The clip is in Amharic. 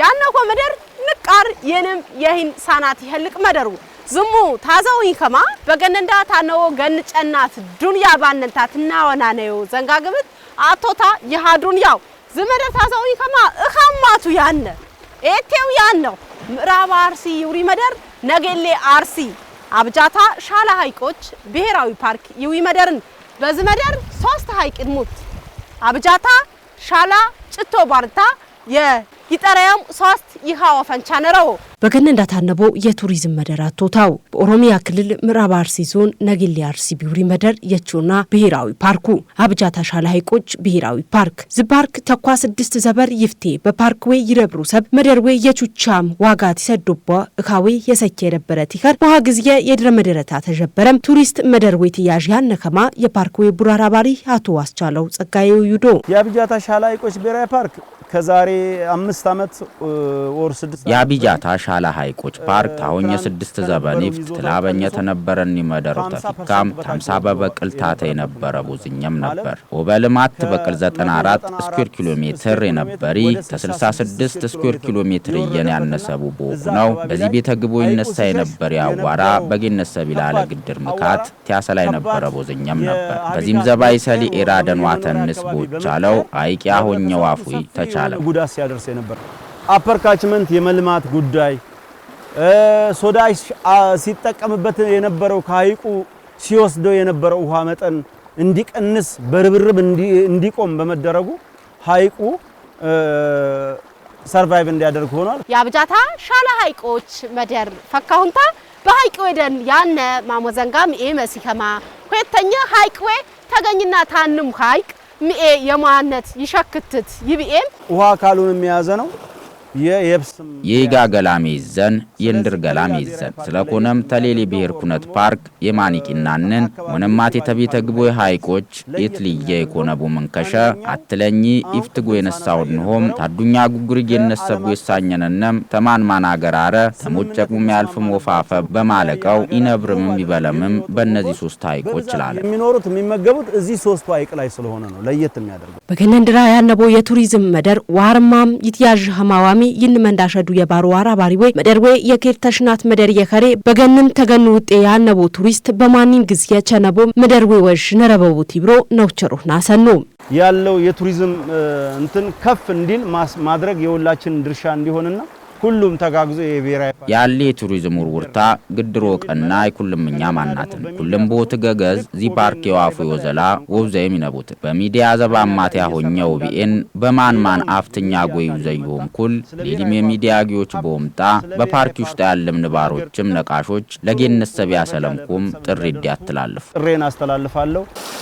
ያነኮ መደር ንቃር የንም የሂን ሳናት ይኸልቅ መደሩ ዝሙ ታዘዊ ከማ በገነንዳ ታነዎ ገንጨናት ዱንያ ባነንታ ትናወና ነው ዘንጋግብት አቶታ ይሃ ዱንያው ዝመደር ታዘዊ ከማ እኸማቱ ያነ ኤቴው ያነው ምዕራብ አርሲ ይውሪ መደር ነገሌ አርሲ አብጃታ ሻላ ሐይቆች ብሔራዊ ፓርክ ይዊ መደርን በዚህ መደር ሶስት ሐይቅ ድሙት አብጃታ ሻላ ጭቶ ባርታ የ ይጠራያም ሶስት ይኸው ፈንቻ ነረው በገነ እንዳታነቦ የቱሪዝም መደር አቶታው በኦሮሚያ ክልል ምዕራብ አርሲ ዞን ነግሌ አርሲ ቢውሪ መደር የቾና ብሔራዊ ፓርኩ አብጃ ታሻለ ሀይቆች ብሔራዊ ፓርክ ዝፓርክ ተኳ ስድስት ዘበር ይፍቴ በፓርክ ዌ ይረብሩ ሰብ መደር ዌ የቹቻም ዋጋ ትሰዶባ እካዌ የሰኬ የነበረ ቲከር በውሃ ጊዜ የድረ መደረታ ተጀበረም ቱሪስት መደር ዌ ትያዥ ያነከማ የፓርክ ዌ ቡራራባሪ አቶ አስቻለው ጸጋዬ ዩዶ የአብጃ ታሻለ ሀይቆች ብሔራዊ ፓርክ ከዛሬ አምስት ዓመት ወር ስድስት የአቢጃ ታሻላ ሐይቆች ፓርክ ታሆኘ ስድስት ዘበኒፍት ትላበኘ ተነበረኒ ይመደሩ ተፊካም ታምሳ በበቅል ታተ የነበረ ቡዝኛም ነበር ወበልማት በቅል 94 ስኩዌር ኪሎ ሜትር የነበሪ ተ66 ስኩዌር ኪሎ ሜትር እየን ያነሰቡ ቦኩ ነው በዚህ ቤተ ግቦ ይነሳ የነበር ያዋራ በጌነሰብ ይላለ ግድር ምካት ቲያሰላ የነበረ ቦዝኛም ነበር በዚህም ዘባይ ሰሊ ኤራ ዋተንስ ቦቻለው አይቂያ ሆኘ ዋፉይ ተቻ ያህል ጉዳት ሲያደርስ የነበር አፐር ካችመንት የመልማት ጉዳይ ሶዳ ሲጠቀምበት የነበረው ከሐይቁ ሲወስደው የነበረው ውሃ መጠን እንዲቀንስ በርብርብ እንዲቆም በመደረጉ ሐይቁ ሰርቫይቭ እንዲያደርግ ሆኗል። የአብጃታ ሻለ ሐይቆች መደር ፈካሁንታ በሐይቅ ወደን ያነ ማሞዘንጋም ኤ መሲከማ ሁለተኛ ሐይቅ ወይ ተገኝና ታንም ሐይቅ ሚኤ የማነት ይሸክትት ይብኤም ውሃ አካሉን የያዘ ነው። የኢጋ ገላሚ ይዘን የንድር ገላሚ ይዘን ስለኮነም ተሌሊ ብሔር ኩነት ፓርክ የማኒቂናንን ወነማት የተቢተ ግቦይ የሃይቆች የትልየ የኮነቡ መንከሸ አትለኝ ኢፍትጎ የነሳውንሆም ታዱኛ ጉጉሪግ የነሰቡ ተማን ማናገር አረ ተሞጨቁ ያልፍም ወፋፈ በማለቀው ይነብርምም ይበለምም በእነዚህ ሶስት ሃይቆች ላለ የሚኖሩት የሚመገቡት እዚህ ሶስቱ ሀይቅ ላይ ስለሆነ ነው ለየት የሚያደርገው በገነንድራ ያነቦ የቱሪዝም መደር ዋርማም ይትያዥ ህማዋሚ ተሸላሚ ይንመንዳሸዱ የባሮ አራባሪዌ መደርዌ የኬር ተሽናት መደር የከሬ በገንም ተገኑ ውጤ ያነቦ ቱሪስት በማንም ጊዜ ቸነቦ መደርዌ ወሽ ነረበቡ ቲብሮ ነው ቸሩና ሰኑ ያለው የቱሪዝም እንትን ከፍ እንዲል ማድረግ የሁላችን ድርሻ እንዲሆንና ሁሉም ተጋግዞ የብሔራዊ ያለ የቱሪዝም ውርውርታ ግድሮ ቀና እኛ ማናትን ሁሉም ቦት ገገዝ ዚ ፓርክ የዋፉ የወዘላ ወብዘይም ይነቡት በሚዲያ ዘባ ማቲያ ያሆኘ ውቢኤን በማን ማን አፍትኛ ጎይ ዘይሆም ኩል ሌሊም የሚዲያ ጊዎች በወምጣ በፓርክ ውሽጣ ያለም ንባሮችም ነቃሾች ለጌነሰብ ያሰለምኩም ጥሪ እንዲያትላልፉ ጥሬን አስተላልፋለሁ።